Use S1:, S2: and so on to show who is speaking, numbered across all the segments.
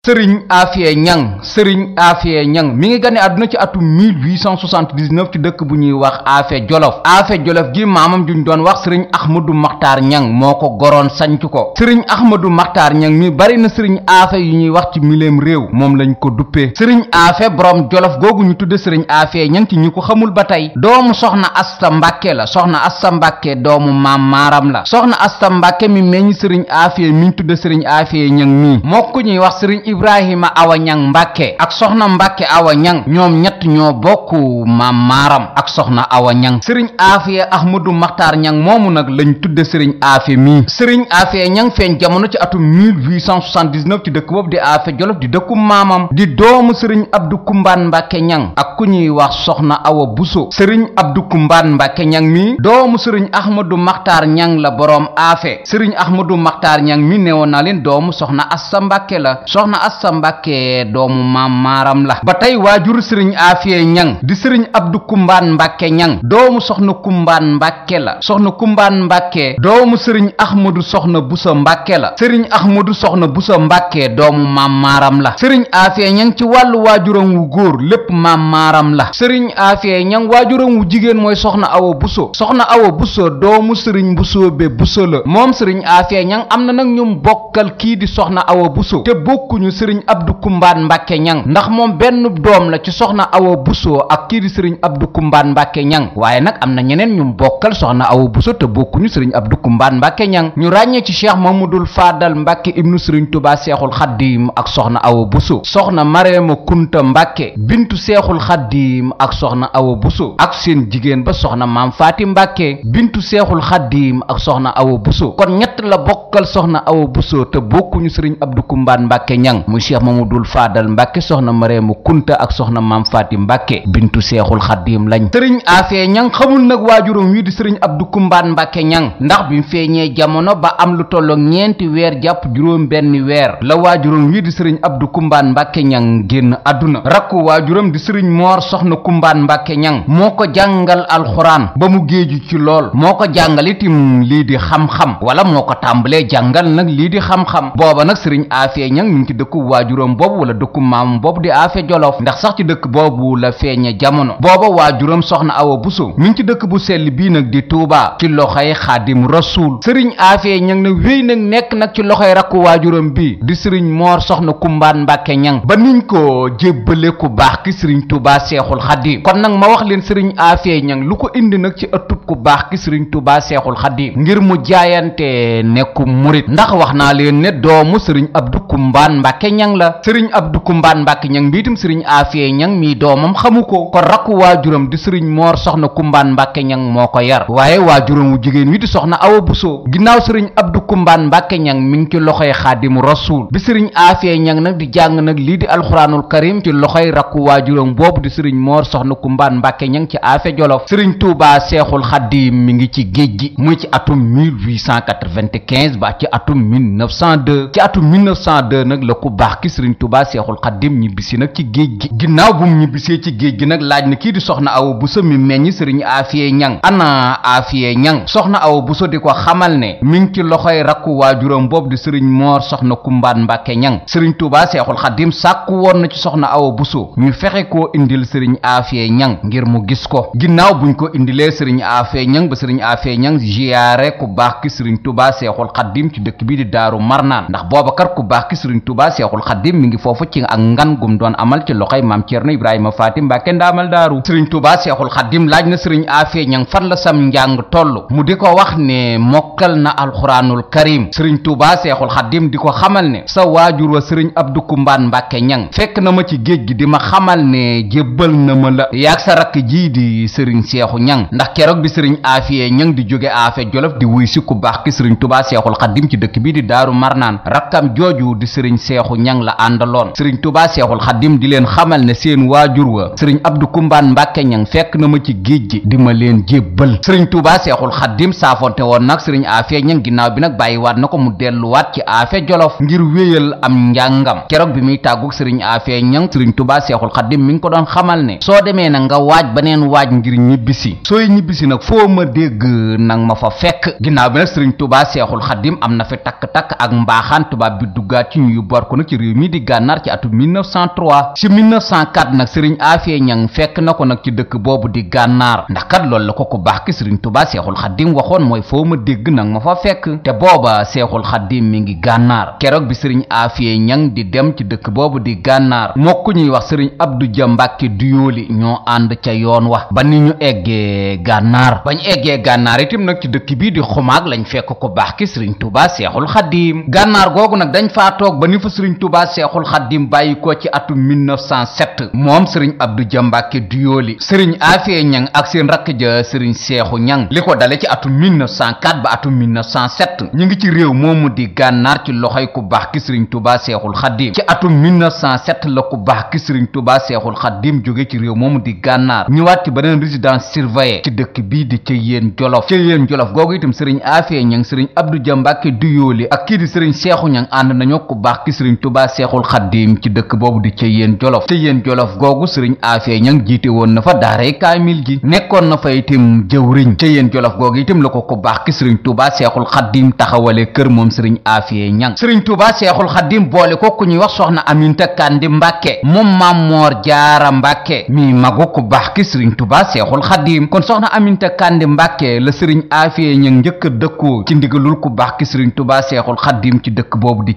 S1: sëriñ Afia Niang sëriñ Afia Niang mi ngi gane àdduna ci atum 1879 ci dëkk bu ñuy wax Afia Jolof Afia Jolof gi maamam juñ doon wax sëriñ Ahmadou maxtar Niang moo ko goroon sanc ko sëriñ Ahmadou Makhtar Niang mi bari na sëriñ Afia yu ñuy wax ci mileem réew moom lañ ko duppee sëriñ Afia borom Jolof googu ñu tudd sëriñ Afia Niang ci ñi ko xamul ba tey doomu soxna Asta Mbàkke la soxna Asta Mbàkke doomu maam maaram la soxna Asta Mbàkke mi meññ sëriñ Afia mi ñu tudd sëriñ Afia Niang mii sëriñ ibrahima awa ñan mbàkke ak soxna mbàkke awa ñang ñoom ñett ñoo bokk maam maaram ak soxna awa ñang sëriñ aafiya ahmadu maxtaar ñang moomu nag lañ tudde sëriñ aafe mii sëriñ aafiya ñang feeñ jamono ci atum 1879 ci dëkk boobu di aafe jolof di dëkku maamam di doomu sëriñ du kumbaan mbàkke ñang ak ku ñuy wax soxna awa buso sëriñ abdu kumbaan mbàkke ñang mii doomu sëriñ ahmadu maxtar ñang la boroom aafe sëriñ ahmadu maxtar ñang mi neewoon naa leen doomu soxna assa mbàkke la sa Mbàkke doomu maam maaram la ba tey waajur sëriñ Afiye Ñang di sëriñ du Kumbaan Mbàkke Ñang doomu soxna Kumbaan Mbàkke la soxna Kumbaan Mbàkke doomu sëriñ Ahmadu soxna Busa Mbàkke la sëriñ Ahmadu soxna Busa Mbàkke doomu maam maaram la sëriñ Afiye Ñang ci wàllu waajuram wu góor lépp maam maaram la sëriñ Afiye Ñang waajuram wu jigéen mooy soxna Awa Buso soxna Awa Buso doomu sëriñ Buso be Buso la moom sëriñ Afiye Ñang am na nag ñum bokkal kii di soxna Awa Buso te bokkuñu njabootuñu sëriñ Abdou Kumbaan Mbàkke ñang ndax moom benn doom la ci soxna Awa Buso ak kii di sëriñ Abdou Kumbaan Mbàkke ñang waaye nag am na ñeneen ñu bokkal soxna Awa Buso te bokkuñu sëriñ Abdou Kumbaan Mbàkke ñan ñu ràññee ci cheikh Mamadul Faadal Mbàkke ibnu sëriñ Tubaa Seexul Xaddiim ak soxna Awa Buso soxna Mareema Kunta Mbàkke bintu Seexul Xaddiim ak soxna Awa Buso ak seen jigéen ba soxna Maam Faati Mbàkke bintu Seexul Xaddiim ak soxna Awa Buso kon ñett la bokkal soxna Awa Buso gaañu muy cheikh mamadul faadal mbàkke soxna mareemu kunta ak soxna maam faati mbàkke bintu seexul xaddiim lañ sëriñ aasee ñang xamul nag waajuram wi di sëriñ du kumbaan mbàkke ñang ndax bi mu feeñee jamono ba am lu tollook ñeenti weer jàpp juróom benn weer la waajuram wi di sëriñ du kumbaan mbàkke ñang génn àdduna rakku waajuram di sëriñ moor soxna kumbaan mbàkke ñang moo ko jàngal alxuraan ba mu géeju ci lool moo ko jàngal itim lii di xam-xam wala moo ko tàmbalee jàngal nag lii di xam-xam booba nag sëriñ dëkku waajuram boobu wala dëkku maamam boobu di Afe Jolof ndax sax ci dëkk boobu la feeñe jamono booba waajuram soxna Awa Buso mi ngi ci dëkk bu sell bii nag di Tuubaa ci loxoy Xaadim Rasuul sëriñ Afe ñang na wéy nag nekk nag ci loxoy rakku waajuram bi di sëriñ Moor soxna Kumbaan Mbàkke ñang ba niñ ko jébbale ku baax ki sëriñ Tuubaa Seexul Xaadim kon nag ma wax leen sëriñ Afe ñang lu ko indi nag ci ëttub ku baax ki sëriñ Tuubaa Seexul Xaadim ngir mu jaayante nekku mbàkke ñang la sëriñ abdu kumbaan mbàkke ñang mbiitum sëriñ afiye ñang mii doomam xamu ko ko rakku waajuram di sëriñ moor soxna kumbaan mbàkke ñang moo ko yar waaye waajuram wu jigéen wi di soxna awa busoo ginnaaw sëriñ abdu kumbaan mbàkke ñang mi ngi ci loxoy xaadimu rasuul bi sëriñ afiye ñang nag di jàng nag lii di alxuraanul karim ci loxoy rakku waajuram boobu di sëriñ moor soxna kumbaan mbàkke ñang ci afe jolof sëriñ tuubaa seexul xaddiim mi ngi ci géej gi muy ci atum 1895 ba ci atum 1902 ci atum 1902 nag la ku baax ki sëriñ tubaa seexul xaddim ñibbisi nag ci géej gi ginnaaw bu mu ñibbisee ci géej gi nag laaj na kii di soxna awa buso mi meññ sëriñ aafiye ñang ana aafiye ñang soxna awa buso di ko xamal ne mi ngi ci loxoy rakku waajuram boobu di sëriñ moor soxna kumbaan mbàkke ñang sëriñ tubaa seexul xaddim sàkku woon na ci soxna awa buso ñu fexe ko indil sëriñ aafiye ñang ngir mu gis ko ginnaaw buñ ko indilee sëriñ aafiye ñang ba sëriñ aafiye ñang ziyaare ku baax ki sëriñ tubaa seexul xaddim ci dëkk bi di daaru marnaan ndax Touba Seexul Xaddim mi ngi foofu ci ak ngan gum doon amal ci loxoy maam Cerno Ibrahima Faati Mbàkke ndaamal daaru sëriñ Touba Seexul Xaddim laaj na sëriñ Afee Ñang fan la sam njàng toll mu di ko wax ne mokkal na alxuraanul karim sëriñ Touba Seexul Xaddim di ko xamal ne sa waajur wa sëriñ Abdu Kumbaan mbake Ñang fekk na ma ci géej gi di ma xamal ne jébbal na ma la yaag sa rakk di sëriñ Seexu Ñang ndax keroog bi sëriñ Afee Ñang di jóge Afee Jolof di wuy si ku ki sëriñ Touba Seexul Xaddim ci dëkk seexu ñang la àndaloon sëriñ tubaa seexul xadim di leen xamal ne seen waajur wa sëriñ abdu kumbaan mbàkke ñang fekk na ma ci géej gi di ma leen jébbal sëriñ tubaa seexul xadim saafonte woon nag sëriñ aafe ñang ginnaaw bi nag bàyyiwaat na ko mu delluwaat ci aafe jolof ngir wéyal am njàngam keroog bi muy tàgguk sëriñ aafe ñang sëriñ tubaa seexul xadim mi ngi ko doon xamal ne soo demee nag nga waaj baneen waaj ngir ñibbisi sooy ñibbisi nag foo ma dégg nag ma fa fekk ginnaaw na fi takk-takk ak mbaaxaan tubaab bi duggaat ci ñuy bor ko nag ci réew mi di gànnaar ci atum 1903 nag sëriñ Afia Ñang fekk na ko nag ci dëkk boobu di gànnaar ndax kat loolu la ko ku baax ki sëriñ Tuubaa Seexul Xaddim waxoon mooy foo ma dégg nag ma fa fekk te booba Seexul Xaddim mi ngi gànnaar keroog bi sëriñ Afia Ñang di dem ci dëkk boobu di gànnaar moo ñuy wax sëriñ Abdou Ja Mbàkke Duyooli ñoo ànd ca yoon wa ba ni ñu eggee gànnaar bañ eggee gànnaar itam nag ci dëkk bii di xumaag lañ fekk ku baax sëriñ Tuubaa Seexul googu nag dañ faa toog ba ni fa sëriñ tubaa seexul xaddim bàyyi ko ci atum 1907 moom sëriñ abdu ja mbàkke duyooli sëriñ aafee ñang ak seen rakk ja sëriñ seexu ñang li ko dale ci atum 1904 ba atum 1907 ñu ngi ci réew moomu di gànnaar ci loxoy ku baax ki sëriñ tubaa seexul xaddim ci atum 1907 la ku baax ki sëriñ tubaa seexul xaddim jóge ci réew moomu di gànnaar ñëwaat ci beneen résidence surveillée ci dëkk bii di ca yéen jolof ca yéen jolof googu itam sëriñ aafee ñang sëriñ abdu ja mbàkke duyooli ak kii di sëriñ seexu ñang ànd nañoo ku baax ki sëriñ sëriñ tubaa seexul xaddiim ci dëkk boobu di ca yéen jolof ca yéen jolof googu sëriñ aafee ñang jiite woon na fa kaamil ji nekkoon na fa itam jëwriñ ca yéen jolof googu itam la ko ku baax ki sëriñ tubaa seexul xaddiim taxawale kër moom sëriñ aafee ñang sëriñ tubaa seexul xaddiim boole ko ku ñuy wax soxna aminta kandi mbàkke moom maam moor jaara mbàkke mi magu ku baax ki sëriñ tuba seexul xaddiim kon soxna aminta kandi mbàkke la sëriñ aafee ñang njëkk a dëkku ki sëriñ tubaa seexul xaddiim dëkk boobu di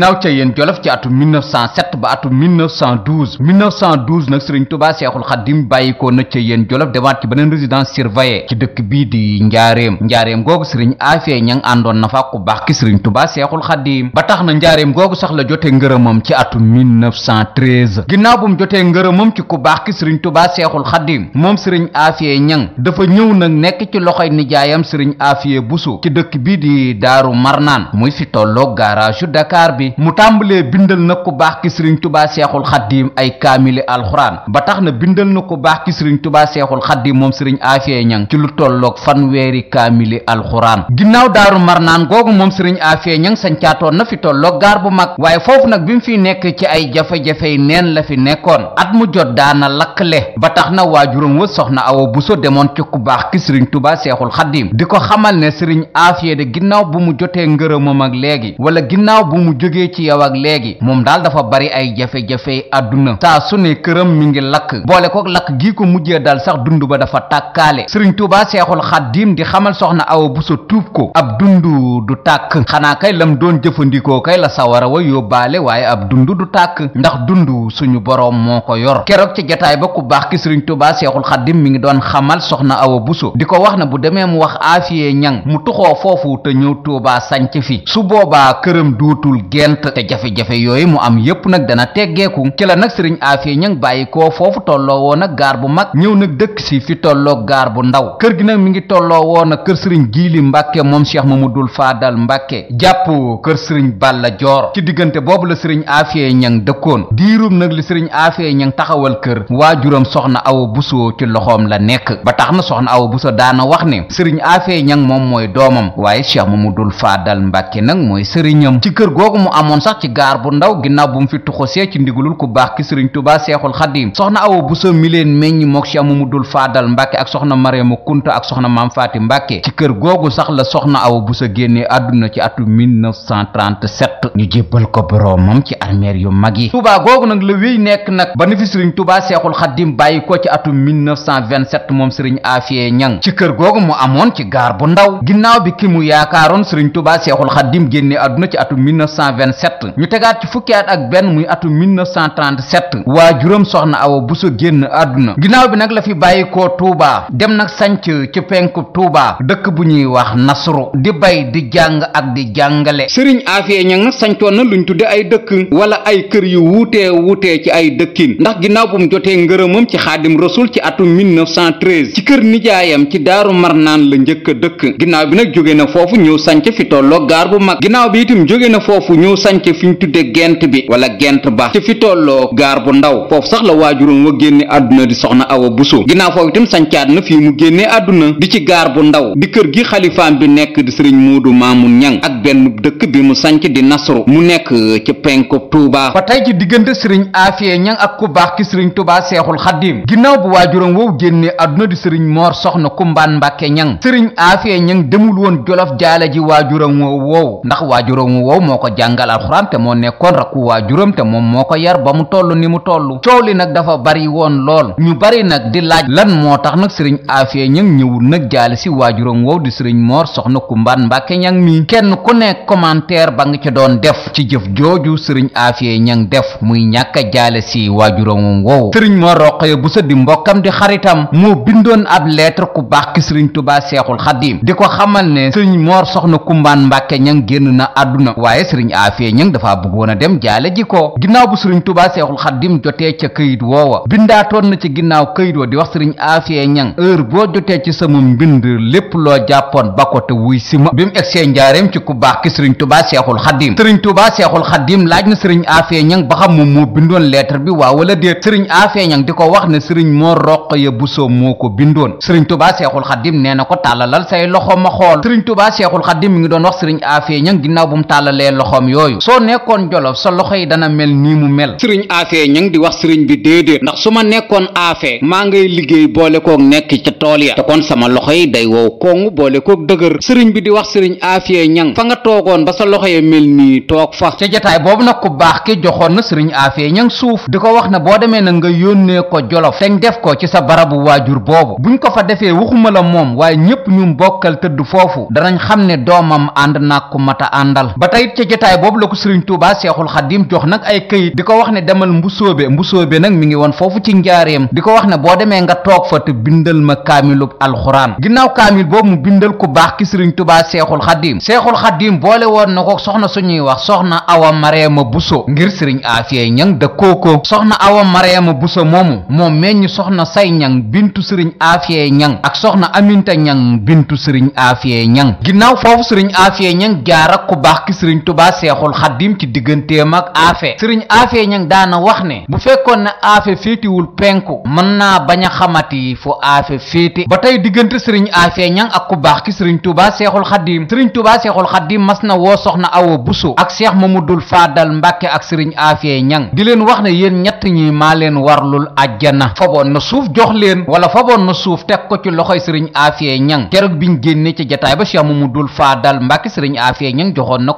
S1: ginnaaw ca yéen jolof ci atum 1907 ba atum 1912 1912 nag sëriñ tubaa seexul xaddim bàyyikoo na ca yéen jolof demaat ci beneen résidence surveillée ci dëkk bii di njaareem njaareem googu sëriñ aafee ñang àndoon na fa ki sëriñ tubaa seexul xaddim ba tax na njaareem googu sax la jotee ngërëmam ci atum 1913 ginnaaw bu mu jotee ngërëmam ci ku baax ki sëriñ tubaa seexul xaddim moom sëriñ aafee ñan dafa ñëw nag nekk ci loxoy nijaayam sëriñ aafee busu ci dëkk bii di daaru marnaan muy fi tolloo garage Dakar ni mu tàmbalee bindal na ku baax ki sëriñ tubaa seexul xaddiim ay kaamili alxuraan ba tax na bindal na ku baax ki sëriñ tubaa seexul xaddiim moom sëriñ afiye ñan ci lu tolloog fanweeri kaamili alxuraan ginnaaw daaru marnaan googu moom sëriñ afiye ñang sancaatoon na fi tolloog gaar bu mag waaye foofu nag bi mu fi nekk ci ay jafe-jafey neen la fi nekkoon at mu jot daana lakkle ba tax na juróom wa soxna awa buso demoon ci ku baax ki sëriñ tubaa seexul xaddiim di ko xamal ne sëriñ afiye ginnaaw bu mu jotee ngërëmam ak léegi jógee ci yow ak moom daal dafa bari ay jafe-jafe àdduna saa su këram mi ngi lakk boole ko lakk gi ko mujjee dal sax dund ba dafa tàkkaale sëriñ Tuubaa Seexul Xaddiim di xamal soxna Awa Buso tuub ko ab dund du tàkk xanaa kay lam doon jëfandikoo kay la sawara wa yóbbaale waaye ab dund du tàkk ndax dund suñu boroom moo ko yor keroog ci jataay ba ku baax sëriñ Tuubaa Seexul Xaddiim mi ngi doon xamal soxna Awa Buso di ko wax na bu demee mu wax aafiye ñan mu tuxoo foofu te ñëw Tuubaa sanc fi su boobaa këram duutul genn gent te jafe-jafe yooyu mu am yépp nag dana teggeeku ci la nag sëriñ Afia Niang bàyyi tolloo woon ak gaar bu mag ñëw nag dëkk si fi tolloo gaar bu ndaw kër gi nag mi ngi tolloo woon ak kër sëriñ Jiili Mbàkke moom ma mu dul Faadal Mbàkke jàpp kër sëriñ Balla Joor ci diggante boobu la sëriñ Afia Niang dëkkoon diirum nag li sëriñ Afia Niang taxawal kër waajuram soxna Awa Buso ci loxoom la nekk ba tax na soxna Awa Buso daana wax ne sëriñ Afia Niang moom mooy doomam waaye Cheikh Mamadul Faadal Mbàkke nag mooy sëriñam ci kër googu amoon sax ci gaar bu ndaw ginnaaw bu mu fi tuxosee ci ndigalul ku baax ki sëriñ tubaa seexul xadim soxna awa buso mi leen meññ mook cheikh mamadul faadal mbàkke ak soxna mariama kunta ak soxna maam mbàkke ci kër googu sax la soxna awa buso génnee àdduna ci atu 1937 ñu jébbal ko boroomam ci armeer yu mag yi tubaa googu nag la wéy nekk nag ba ni fi sëriñ tubaa seexul xadim bàyyi ko ci atu 1927 moom sëriñ afiye ñang ci kër googu mu amoon ci 1927 ñu tegaat ci fukki at ak benn muy atum 1937 waajuram soxna awa buso génn àdduna ginnaaw bi nag la fi bàyyi ko Touba dem nag sanc ci penk Touba dëkk bu ñuy wax Nasru di bay di jàng ak di jàngale sëriñ Afia ñang nag sancoon na luñ tuddee ay dëkk wala ay kër yu wuutee wuutee ci ay dëkkin ndax ginnaaw bu mu jotee ngërëmam ci xaadim rasul ci atum 1913 ci kër nijaayam ci daaru marnaan la njëkk a dëkk ginnaaw bi nag jóge na foofu ñëw sanc fi tolloo gaar ñëw sanc fi ñu tudde gent bi wala gent ba ci fi tolloo gaar bu ndaw foofu sax la waajuroom wa génne àdduna di soxna awa buso ginnaaw foofu itam sancaat na fii mu génnee àdduna di ci gaar bu ndaw di kër gi xalifaam bi nekk di sëriñ muudu maamun ñang ak benn dëkk bi mu sanc di nasru mu nekk ci penku tuubaa ba tey ci diggante sëriñ aafiye ñang ak ku baax ki sëriñ tubaa seexul xaddiim ginnaaw bu waajuroom wow génnee àdduna di sëriñ moor soxna kumbaan mbàkke ñang sëriñ aafiye ñang demul woon jolof jaale ji waajuroom woow ndax waajuroom woow jàngal alxuraan te moo nekkoon rakku waajuram te moom moo ko yar ba mu toll ni mu tollu coow li nag dafa bari woon lool ñu bari nag di laaj lan moo tax nag sëriñ Afia Niang ñëwul nag jaale si waajuram wow di sëriñ Mor Soxna Kumbaan Mbàkke Niang mi kenn ku nekk commentaire ba nga ci doon def ci jëf jooju sëriñ Afia Niang def muy ñàkk a si waajuram wow sëriñ Mor Roqaya Bousso di mbokkam di xaritam moo bindoon ab ku baax ki sëriñ Tuubaa Seexul Xadiim génn na àdduna waaye sëriñ Afia afiya ñang dafa bëggoon a dem jaale ji ko ginnaaw bu sëriñ tubaa seexul xaddim jotee ca këyit woowa bindaatoon na ci ginnaaw këyit wa di wax sëriñ afiya ñang heure boo jotee ci sama mbind lépp loo jàppoon ba ko te wuy si ma bi mu egsee njaareem ci ku baax ki sëriñ tubaa seexul xaddim sëriñ tubaa seexul xaddim laaj na sëriñ afiya ñang ba xam moom moo bindoon lettre bi waaw wala déet afiya ñang di ko wax ne sëriñ moo roq ya busoo moo ko bindoon sëriñ tubaa seexul xaddim yooyu soo nekkoon jolof sa loxo yi dana mel nii mu mel sëriñ afe ñang di wax sëriñ bi déedéet ndax su ma nekkoon afe maa ngay liggéey boole koog nekk ca tool ya te kon sama loxo yi day wow koŋ boole koog dëgër sëriñ bi di wax sëriñ afe ñang fa nga toogoon ba sa loxo ya mel nii toog fa ca jataay boobu nag ku baax ki joxoon na sëriñ afe ñang suuf di ko wax na boo demee na nga yónnee ko jolof te def ko ci sa barabu waajur boobu bu buñ ko fa defee waxuma la moom waaye ñépp ñu mbokkal tëdd foofu danañ xam ne doomam ànd naa ku mata àndal boobu la ko sëriñ Touba Seexul Xaddim jox nag ay këyit di ko wax ne demal mbusoobe mbusoobe nag mi ngi woon foofu ci njaareem di ko wax ne boo demee nga toog fa te bindal ma kaamilub alxuraan ginnaaw kaamil boobu mu bindal ku baax ki sëriñ Touba Seexul Xaddim Seexul Xaddim boole woon na ko soxna suñuy wax soxna Awa Mareema Buso ngir sëriñ Afia Ñang da kookoo soxna Awa Mareema Buso moomu moom meññ soxna Say Ñang bintu sëriñ Afia Ñang ak soxna Aminta Ñang bintu sëriñ Afia Ñang ginnaaw foofu sëriñ Afia Ñang jaar ak ku baax ki sëriñ Touba Seexul seexul xaddim ci digganteem ak aafe sëriñ aafe ñang daana wax ne bu fekkoon ne aafe féetiwul penk mën naa bañ a xamati fu aafe féete ba tey diggante sëriñ aafe ñang ak ku baax ki sëriñ tubaa seexul xaddim sëriñ tubaa seexul xaddim mas na woo soxna awa buso ak seex dul faadal mbàkke ak sëriñ aafe ñang di leen wax ne yéen ñett ñi maa leen warlul ajjana faboon na suuf jox leen wala faboon na suuf teg ko ci loxoy sëriñ aafe ñang keroog biñ génne ca jataay ba seex mamadul faadal mbàkke sëriñ aafe ñang joxoon na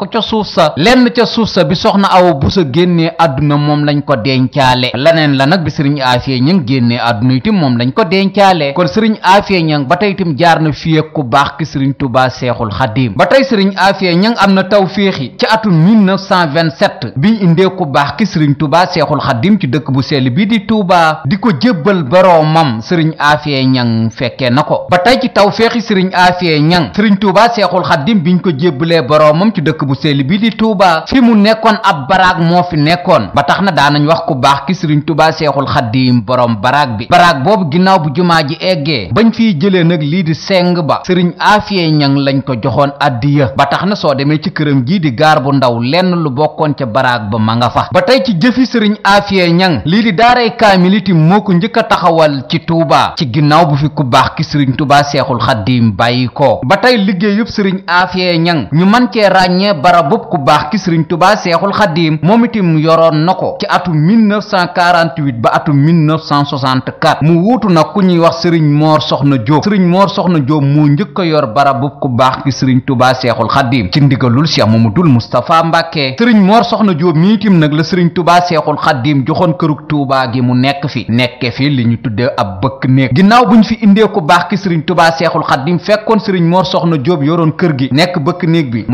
S1: lenn ca suuf sa bi soxna awa sa génnee àdduna moom lañ ko dencaale leneen la nag bi sëriñ aafiya ñang génnee àdduna itam moom lañ ko dencaale kon sëriñ aafiya ñang ba tey itam jaar na fii ku baax ki sëriñ tubaa seexul xadiim ba tey sëriñ aafiya ñang am na tawféexi ci atum 1927 biñ indee ku baax ki sëriñ tubaa seexul xadiim ci dëkk bu sell bii di tuubaa di ko jébbal boroomam sëriñ aafiya ñang fekkee na ko ba tey ci tawféexi sëriñ aafiya ñang sëriñ tubaa seexul xadiim biñ ko jébbalee boroomam ci dëkk bu sell bii di tuubaa Touba fi mu nekkoon ab baraag moo fi nekkoon ba na wax ku baax ki sëriñ Touba seexul xaddiim borom baraag bi baraag boobu ginnaaw bu jumaa ji eggee bañ fiy jëlee nag lii di seng ba sëriñ Afiyee Ñang lañ ko joxoon addiya ba tax na soo demee ci këram gii di gaar bu ndaw lenn lu bokkoon ca baraag ba ma nga ba tey ci jëfi sëriñ Afiyee Ñang lii di daaray kaamiliti moo ko njëkk a taxawal ci Touba ci ginnaaw bu fi ku baax ki sëriñ Touba seexul mu bàyyi ko ba tey liggéey sëriñ Afiyee Ñang ñu man cee ràññee barabub ku baax baax ki sëriñ tubaa seexul xaddiim moom itam yoroon na ko ci atum 1948 ba atum 1964 mu wuutu nag ku ñuy wax sëriñ moor soxna jóob sëriñ moor soxna jóob moo njëkk a yor barabu ku baax ki sëriñ tubaa seexul xaddiim ci ndigalul cheikh mamadul mustapha mbàkke sëriñ moor soxna jóob mi itam nag la sëriñ tubaa seexul xaddiim joxoon kërug tuubaa gi mu nekk fi nekkee fi li ñu tuddee ab bëkk néeg ginnaaw ñu fi indee ku baax ki sëriñ tubaa seexul xaddiim fekkoon sëriñ moor soxna jóob yoroon kër gi nekk bëkk néeg bi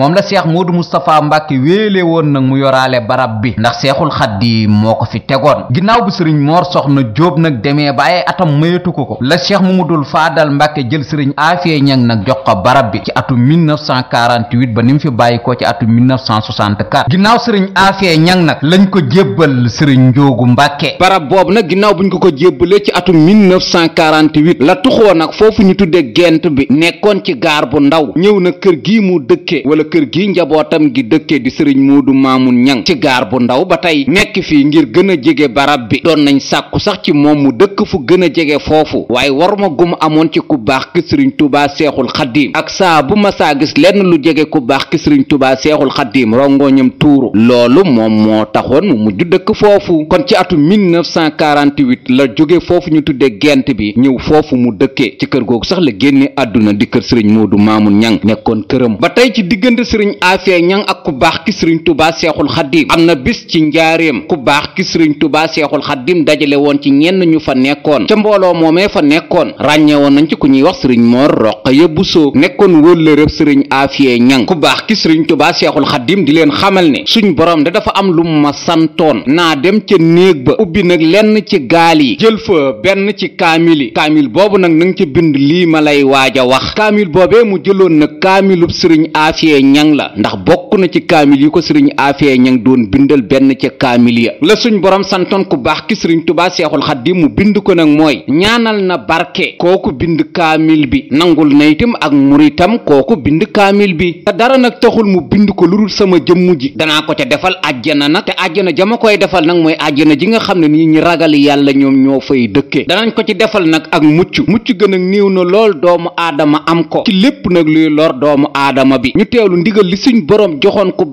S1: yi wéele woon nag mu yoraale barab bi ndax seexul xaddiim moo ko fi tegoon ginnaaw bu sëriñ moor na jóob nag demee ba ay atam mayatu ko ko la cheikh mamadul faadal mbàkke jël sëriñ aafiye ñang nag jox ko barab bi ci atu 1948 ba ni mu fi bàyyi ko ci atu 1964 ginnaaw sëriñ aafiye ñang nag lañ ko jébbal sëriñ njoogu mbàkke barab boobu nag ginnaaw buñ ko ko jébbalee ci atum 1948 la tuxoo nag foofu ñu tuddee gent bi nekkoon ci gaar bu ndaw ñëw na kër gi mu dëkke wala kër gi njabootam gi dëkke bi sëriñ Moodu Maamun Ñang ci gaar bu ndaw ba tey nekk fii ngir gën a jege barab bi doon nañ sàkku sax ci moom mu dëkk fu gën a jege foofu waaye waruma ma gum amoon ci ku baax ki sëriñ Tuubaa Seexul Xaddiim ak saa bu ma saa gis lenn lu jege ku baax ki sëriñ Tuubaa Seexul Xaddiim rongooñam tuuru loolu moom moo taxoon mu mujj dëkk foofu kon ci atu 1948 la jóge foofu ñu tudde gent bi ñëw foofu mu dëkkee ci kër googu sax la génne àdduna di kër sëriñ Moodu du Ñang nekkoon baax ki sëriñ tubaa seexul xaddim am na bis ci njaareem ku baax ki tubaa seexul xaddim dajale woon ci ñenn ñu fa nekkoon ca mbooloo moomee fa nekkoon ràññee woon nañ ci ku ñuy wax sëriñ moor roqaya buso nekkoon wóllërëb sëriñ aafiye ñang ku baax ki sëriñ tubaa seexul xaddim di leen xamal ne suñ borom de dafa am lu ma santoon naa dem ca néeg ba ubbi nag lenn ci gaal yi jël fa benn ci kaamili kaamil boobu nag nanga ca bind lii ma lay waaj a wax kaamil boobee mu jëloon nag kaamilub sëriñ aafiye ñang la ndax bokk ci kaamil kaamil yi ko sëriñ afiya ñang doon bindal benn ca kaamil ya la suñ borom santoon ku baax ki sëriñ tubaa seexul mu bind ko nag mooy ñaanal na barke kooku bind kaamil bi nangul na itam ak muritam kooku bind kaamil bi te dara nag taxul mu bind ko lu dul sama jëmm ji danaa ko ca defal ajjana nag te ajjana jama koy defal nag mooy ajjana ji nga xam ne nii ñi ragal yàlla ñoom ñoo fay dëkke danañ ko ci defal nag ak mucc mucc gën a néew na lool doomu aadama am ko lépp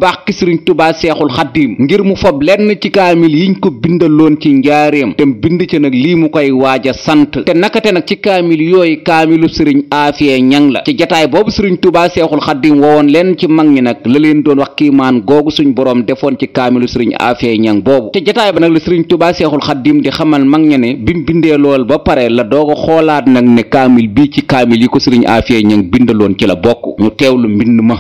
S1: baax ki sëriñ tubaa seexul xaddiim ngir mu fob lenn ci kaamil yiñ ko bindaloon ci njaareem te bind ci nag lii mu koy waaj a sant te nakate nag ci kaamil yooyu kaamilu sëriñ aafiye ñang la ci jataay boobu sëriñ tubaa seexul xaddiim wowoon leen ci mag ñi nag la leen doon wax kiimaan googu suñ boroom defoon ci kaamilu sëriñ aafiye ñang boobu te jataay ba nag la sëriñ tubaa seexul xaddiim di xamal mag ña ne bi mu bindee lool ba pare la doog a xoolaat nag ne kaamil bii ci kaamil yi ko sëriñ aafiye ñang bindaloon ci la bokk ñu teewlu mbind ma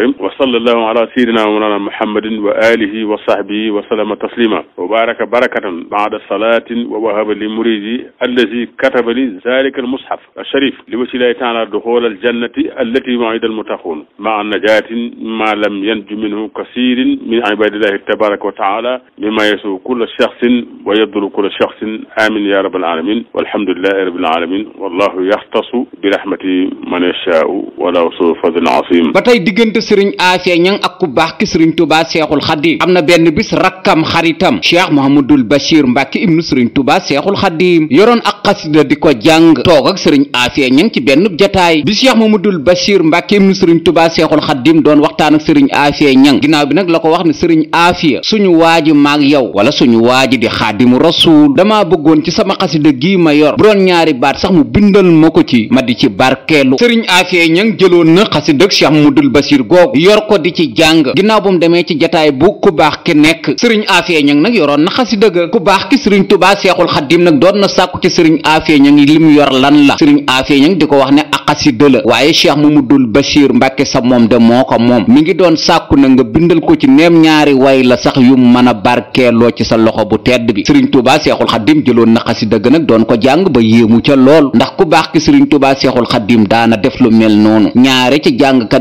S2: azim wa sallallahu ala sayidina wa mawlana muhammadin wa alihi wa sahbihi wa sallama taslima wa baraka barakatan baada salatin wa wahaba li muridi allazi kataba li zalika almushaf alsharif li wasilay taala duxul aljannati allati wa'ida almutaquun maa najatin ma lam yanju minhu kasirin min ibadillahi tabaraka wa taala mima yasu kulla shaxsin wa yaduru kulla shaxsin amin ya rabbal alamin walhamdulillahi rabbil alamin wallahu yaxtasu bi rahmati man yashaau wala su fadlin asim
S1: ba tey diggante sëriñ Afia Ñang ak ku baax ki sëriñ Touba Seexul Xadim am na benn bis rakkam xaritam Cheikh Mouhamadul Bachir Mbàkke ibnu sëriñ Touba Seexul Xadim yoroon ak xasida di ko jàng toog ak sëriñ Afia Ñang ci benn jataay bi Cheikh Mouhamadul Bachir Mbàkke ibnu sëriñ Touba Seexul Xadim doon waxtaan ak sëriñ Afia Ñang ginnaaw bi nag la ko wax ne sëriñ Afia suñu waaji maak yow wala suñu waaji di xaadimu rasuul dama bëggoon ci sama xasida gii ma yor bu doon ñaari baat sax mu bindal ma ko ci ma di ci barkeelu sëriñ Afia Ñang jëloon na xasida Cheikh Mouhamadul Bachir go googu yor ko di ci jàng ginnaaw bu mu demee ci jataay bu ku baax ki nekk sëriñ Afia Ñang nag yoroon na xasida ga ku baax ki sëriñ Tuubaa Seexul Xadiim nag doon na sàkku ci sëriñ Afia Ñang li mu yor lan la sëriñ Afia Ñang di ko wax ne ak xasida la waaye Cheikh Mamadul Bachir Mbàkke sa moom de moo ko moom mi ngi doon sàkku na nga bindal ko ci neem ñaari way la sax yu mën a barkeeloo ci sa loxo bu tedd bi sëriñ Tuubaa Seexul Xadiim jëloon na xasida ga nag doon ko jàng ba yéemu ca lool ndax ku baax ki sëriñ Tuubaa Seexul Xadiim daana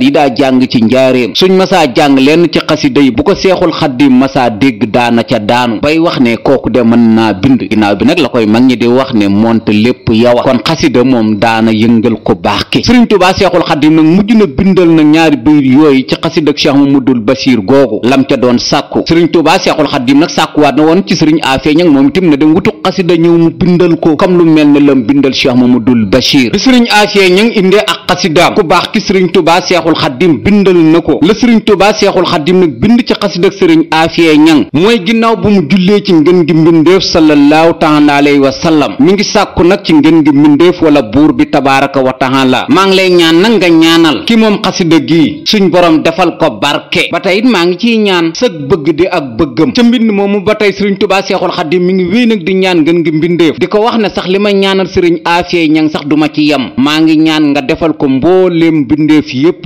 S1: daa jàng ci njaareem suñ masaa jàng lenn ci xasida yi bu ko seexul xaddim masaa dégg daana ca daanu bay wax ne kooku de mën naa bind ginnaaw bi nag la koy mag ñi di wax ne monte lépp yawa kon xasida moom daana yëngal ko baax ki sëriñ tubaa seexul xaddim nag mujj na bindal na ñaari bayit yooyu ci xasida ak cheikh mamadul basiir googu lam ca doon sàkku sëriñ tubaa seexul xaddim nag sàkkuwaat na woon ci sëriñ aafee ñag moom itam na dem wutu xasida ñëw mu bindal ko comme lu mel ne lam bindal cheikh mamadul basiir bi sëriñ aafee ñag indee ak xasidaam ku baax ki sëriñ tubaa seexul xaddim bindal wéral na ko la sëriñ tubaa seexul xaddim nag bind ci xasid ak sëriñ aafiye ñang mooy ginnaaw bu mu jullee ci ngën gi mbindéef sallallahu taala alayhi wa sallam mi ngi sàkku nag ci ngën gi mbindéef wala buur bi tabaraka wa taala maa ngi lay ñaan nag nga ñaanal ki moom xasida gi suñ borom defal ko barke ba tey maa ngi ciy ñaan sëg bëgg di ak bëggam ca mbind moomu ba tey sëriñ tubaa seexul xaddim mi ngi wéy nag di ñaan ngën gi mbindéef di ko wax ne sax li ma ñaanal sëriñ aafiye ñang sax duma ci yem maa ngi ñaan nga defal ko mbooleem mbindéef yépp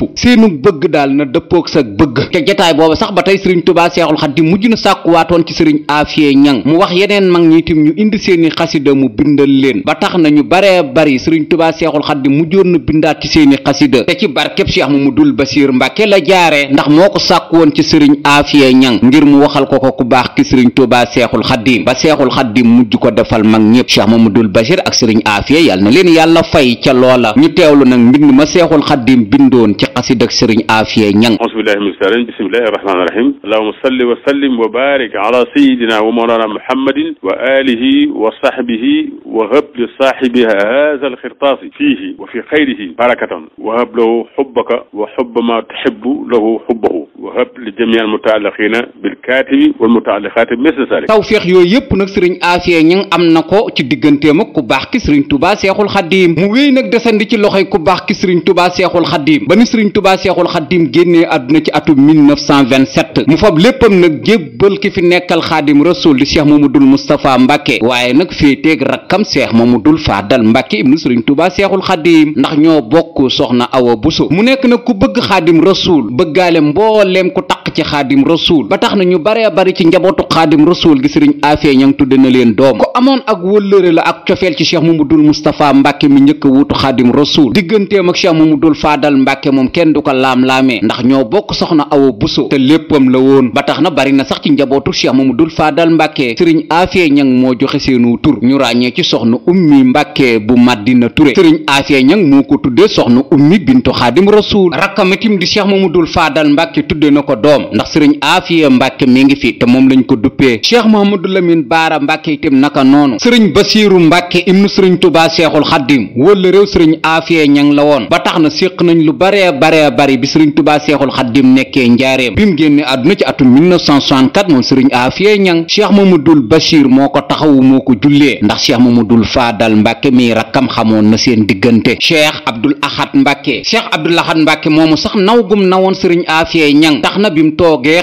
S1: Sénégal na dëppook sa bëgg te jataay booba sax ba tey sëriñ tubaa seexul xaddim mujj ñu indi ba tax na ñu baree bari sëriñ tubaa seexul xaddim mujjoon na bindaat ci seeni xasida te ci barkeb Cheikh ndax moo ko sàkk woon ci sëriñ Afia Ñang ngir mu waxal ko ko ku baax ki sëriñ tubaa seexul xaddim ba seexul xaddim mujj ko defal mag ñëpp mu Mamadul Basiir ak sëriñ Afia yàlla na leen yàlla fay ca loola ñu teewlu nag mbind ma seexul xaddim bindoon ci xasida sëriñ Afia Afia Niang
S2: asbillahi min saalin bismillahi rahmaani rahim allahuma salli wa sallim wa barik ala sayidina wa mawlana muhammadin wa alihi wa sahbihi wa habli saahibi haza alxirtaasi fiihi wa fi xayrihi barakatan wa hab lahu xubbaka wa xubba ma tuxibu lahu xubbahu wa hab li jamii almutaalaqiina kaatibi wal mutaalliqaati misla salik
S1: yooyu yëpp nag sëriñ Afia Niang am na ko ci digganteem ak ku baax ki sëriñ Touba Seexul Xaddiim mu wéy nag desandi ci loxoy ku baax ki sëriñ Touba Seexul Xaddiim ba ni sëriñ Touba Seexul Xaddiim génnee àdduna ci atum 1927 mu fab léppam nag jébbal ki fi nekkal Xaadim Rasuul di Cheikh Mamadul Moustapha Mbacke waaye nag féeteeg rakkam Cheikh Mamadul Fadal Mbacke ibnu sëriñ Touba Seexul Xaddiim ndax ñoo bokk soxna Awa Bousso mu nekk nag ku bëgg Xaadim Rasuul bëggaale mbooleem ku taq ci Xaadim Rasuul ba tax na ñu baree bari ci njabootu xaadim rasuul gi sëriñ afiya ñang na leen doom ko amoon ak wëllëre la ak cofeel ci cheikh mamadul moustapha mbàkke mi njëkk a wuutu xaadim rasuul digganteem ak cheikh moom kenn du ko laam-laamee ndax ñoo bokk soxna awa buso te léppam la woon ba tax na bari na sax ci njabootu cheikh mamadul faadal mbàkke sëriñ afiya ñang moo joxe seenu tur ñu ràññee ci soxna ummi mbàkke bu madina ture sëriñ afiya ñang moo ko tuddee soxna ummi bintu xaadim rasuul rakkam itam di cheikh mamadul faadal mbàkke tudde na ko doom ndax sëriñ afiya mbàkke Mbàkke mi ngi fi te moom lañ ko duppee Cheikh la Lamine Baara Mbàkke itam naka noonu sëriñ Basiiru Mbàkke ibnu sëriñ Tuubaa Seexul Xaddim wala réew sëriñ Afiye ñang la woon ba tax na séq nañ lu baree baree bari bi sëriñ Tuubaa Seexul Xaddim nekkee njaareem bi mu génne àdduna ci atum 1964 moom sëriñ Afiye ñang Cheikh Mouhamadoul Bachir moo ko taxawu moo ko jullee ndax Cheikh Mouhamadoul Fadal Mbàkke mi rakkam xamoon na seen diggante Cheikh Abdoul Ahad Mbàkke Cheikh Abdoul Ahad Mbàkke moomu sax naw gum nawoon sëriñ Afiye na bi mu toogee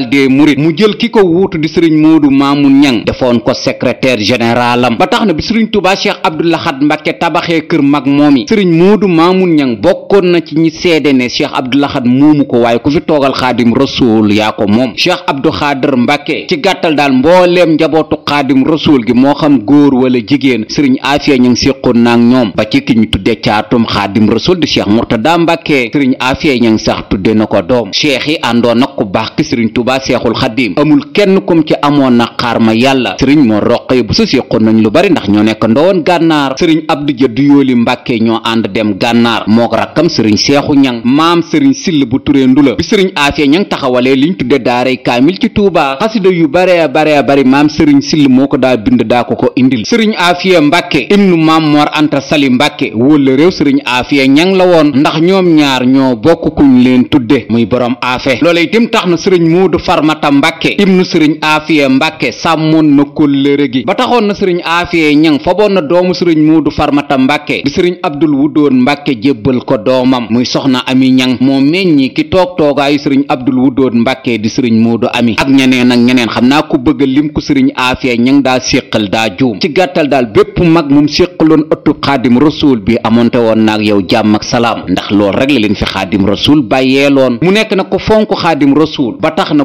S1: général des Mourides mu jël ki ko wuutu di sëriñ Modou Mamoun Niang defoon ko secrétaire généralam ba tax na bi sëriñ Touba Cheikh Abdou Lahad Mbacké tabaxee kër mag moom yi sëriñ du Mamoun Niang bokkoon na ci ñi seede ne Cheikh Abdou Lahad moomu ko waaye ku fi toogal xaadim rasul yaa ko moom Cheikh Abdou Khader Mbacké ci gàttal daal mbooleem njabootu xaadim rasul gi moo xam góor wala jigéen sëriñ Afia Niang séqoon naag ñoom ba ci ki ñu tuddee caatum xaadim rasul di Cheikh Mourtada Mbacké Tuubaa Seexul Xaddiim amul kenn kum ci amoon na xaar ma yàlla sëriñ moo roqee bu sa séqoon nañ lu bari ndax ñoo nekk ndowoon gànnaar sëriñ Abdu Jëdd Yooli Mbàkke ñoo ànd dem gànnaar mook rakkam sëriñ Seexu Ñaŋ maam sëriñ Sill bu Turee Ndula bi sëriñ Afia Ñaŋ taxawalee liñ tudde daaray kaamil ci Tuubaa xasida yu baree baree bari maam sëriñ Sill moo ko daa bind daa ko ko indil sëriñ Afia Mbàkke ibnu maam Mor Anta Sali Mbàkke wóola réew sëriñ Afia Ñaŋ la woon ndax ñoom ñaar ñoo bokk leen tudde muy borom afe Modou Farmata Mbàkke ibnu sëriñ Afiye Mbàkke na kóllëre gi ba taxoon na sëriñ Afiye ñang foboon na doomu sëriñ Modou Farmata Mbàkke bi sëriñ Abdul Wudoon Mbàkke jébbal ko doomam muy soxna Ami ñan moo meññi ki toog toogaayu sëriñ Abdul Wudoon Mbàkke di sëriñ Modou Ami ak ñeneen ak ñeneen xam naa ku bëgg lim ko sëriñ Afiye ñang daa séqal daa juum ci gàttal daal bépp mag mum séqaloon ëttub xaadim rasuul bi amoonte woon naag yow jàmm ak salaam ndax loolu rek la leen fi xaadim rasuul bàyyeeloon mu nekk na ko fonk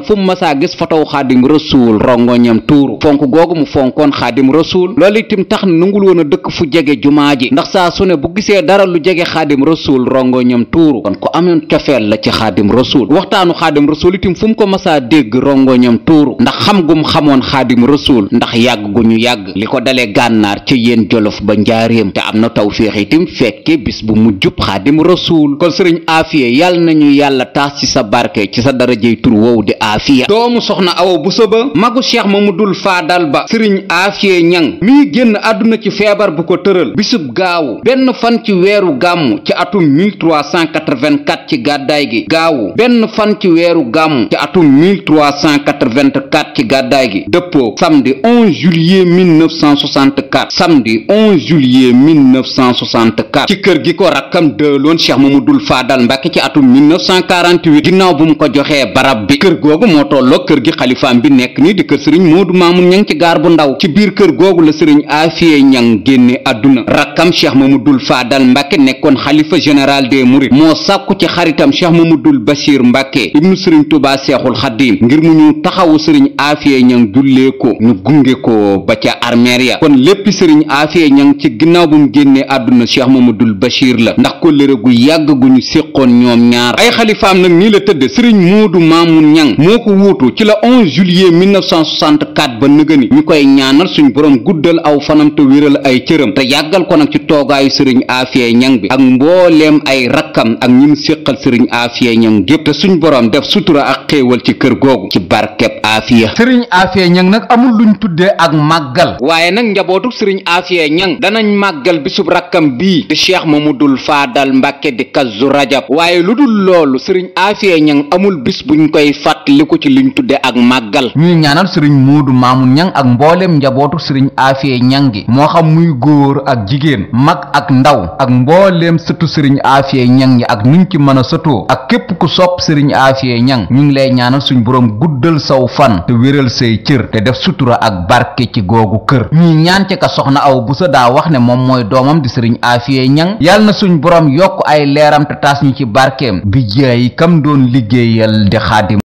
S1: na fu mu masaa gis fotow xaadim rasuul rongoñam tuuru fonk googu mu fonkoon xaadim rasuul loolu itam tax na nangul woon a dëkk fu jege jumaa ji ndax saa su ne bu gisee dara lu jege xaadim rasuul rongoñam tuuru kon ko amoon cofeel la ci xaadim rasuul waxtaanu xaadim rasuul itam fu mu ko masaa dégg rongoñam tuuru ndax xam gum xamoon xaadim rasuul ndax yàgg gu ñu yàgg li ko dalee gànnaar ca yéen jolof ba njaaréem te am na tawféex itam fekke bis bu mujjub xaadim rasuul kon sëriñ afiye yàlla nañu sa barke ci sa darajey tur aafiya doomu soxna awa buso ba magu ma cheikh mamadul faadal ba sëriñ aafiya ñang mii génn àdduna ci feebar bu ko tëral bisub gaawu benn fan ci weeru gàmmu ci atum 1384 ci gàddaay gi gaawu benn fan ci weeru gàmmu ci atum 1384 ci gàddaay gi dëppoo samedi 11 juillet 1964 samedi 11 juillet 1964 ci kër gi ko rakkam ma cheikh dul faadal mbàkke ci atum 1948 ginnaaw bu mu ko joxee barab bi kër googu moo tolloo kër gi xalifaam bi nekk nii di kër sëriñ moodu maamun ñang ci gaar bu ndaw ci biir kër googu la sëriñ afiye ñang génne àdduna rakkam cheikh dul faadal mbàkke nekkoon xalifa général des mourides moo sàkku ci xaritam ma mu dul bachir mbàkke ibnu sëriñ tubaa seexul xaddiim ngir mu ñu taxawu sëriñ afiye ñang jullee ko ñu gunge ko ba ca armeer kon lépp sëriñ afiye ñang ci ginnaaw bu mu génnee àdduna cheikh mamadul bachir la ndax kóllëre gu yàgg ñoom ñaar ay xalifaam nag nii la tëdd sëriñ moodu maamun ñang moo ko wuutu ci la 11 juillet 1964 ba nëgëni ñu koy ñaanal suñ borom guddal aw fanam te wéral ay cëram te yàggal ko nag ci toogaayu sëriñ Afia ñan bi ak mbooleem ay rakkam ak ñim séqal sëriñ Afia Ñang gépp te suñ borom def sutura ak xéewal ci kër googu ci barkeb Afia sëriñ Afia ñan nag amul duñu tuddee ak màggal waaye nag njabootu sëriñ Afia Ñang danañ màggal bisub rakkam bii di cheikh Mamadul Faadal Mbàkke di Kazu Rajab waaye lu dul loolu sëriñ Afia Ñang amul fàttaliku ci liñ tudde ak màggal ñuy ñaanal sëriñ Moodu Maamun ñan ak mbooleem njabootu sëriñ Afiye ñan gi moo xam muy góor ak jigéen mag ak ndaw ak mbooleem sëtu sëriñ Afiye ñan ñi ak nuñ ci mën a sëtoo ak képp ku sopp sëriñ Afiye ñan ñu ngi lay ñaanal suñ boroom guddal saw fan te wéral say cër te def sutura ak barke ci googu kër ñuy ñaan ci ka soxna aw bu sa daa wax ne moom mooy doomam di sëriñ Afiye ñan yàlla na suñ borom yokk ay leeram te taas ñu ci barkeem bi jeey